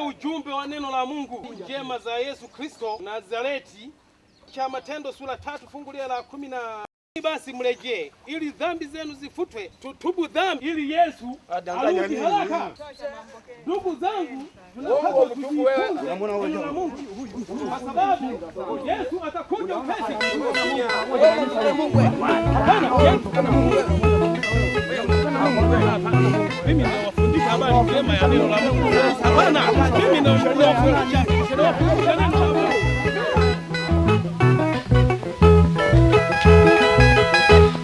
wa ujumbe wa neno la Mungu njema za Yesu Kristo Nazareti cha Matendo sura tatu fungulia la kumi na basi mrejee ili dhambi zenu zifutwe, tutubu dhambi ili Yesu arudi haraka. Ndugu zangu, tunapaswa oh, oh, kujifunza na Mungu kwa sababu Yesu atakuja upesi mimi nawafundisha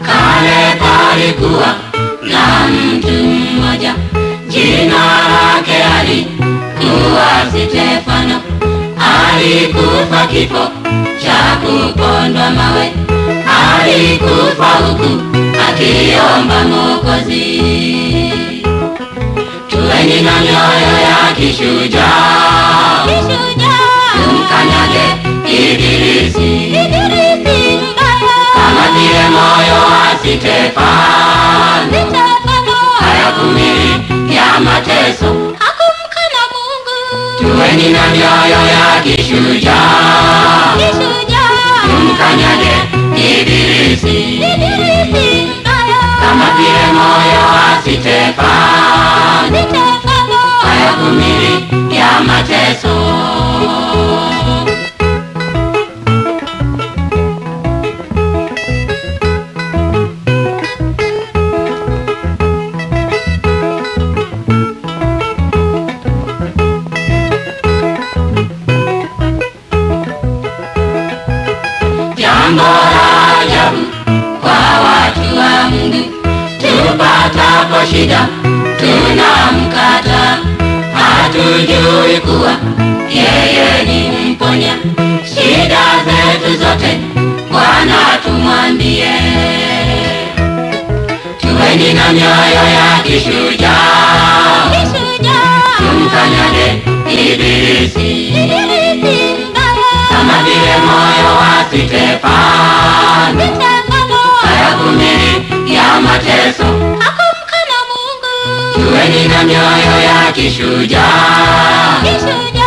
Kale palikuwa na mtu mmoja jina lake alikuwa Stefano. Alikufa kifo cha kupondwa mawe, alikufa huku tukiomba Mwokozi, tuweni na mioyo ya kishujaa, tumkanyage Ibilisi kama vile moyo wa Stefano, haya kumi ya mateso, tuweni na mioyo ya kishujaa, tumkanyage Ibilisi vile moyo asitepa ayavumili ya mateso Oh tunapo shida tunamkata, hatujui kuwa yeye ni mponya shida zetu zote. Bwana tumwambie, tuweni na mioyo ya kishujaa, tumkanyage Ibilisi kama vile moyo wa imani na mioyo ya kishujaa.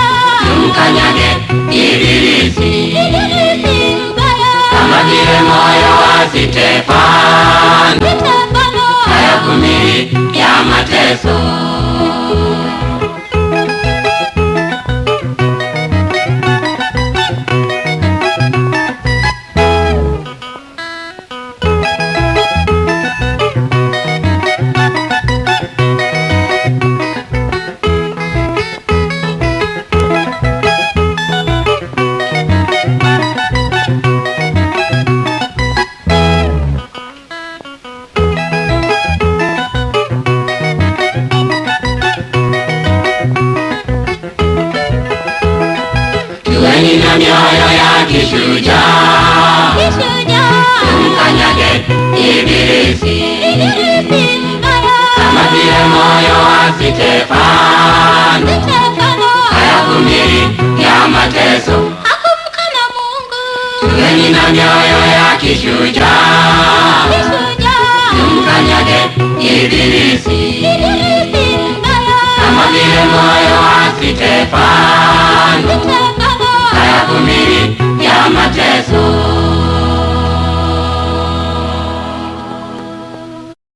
Amani na mioyo ya kishujaa, umkanyage Ibilisi kama vile moyo wa Stefano hayaku ya mateso. Tuweni na mioyo ya kishujaa, umkanyage Ibilisi kama vile moyo wa Stefano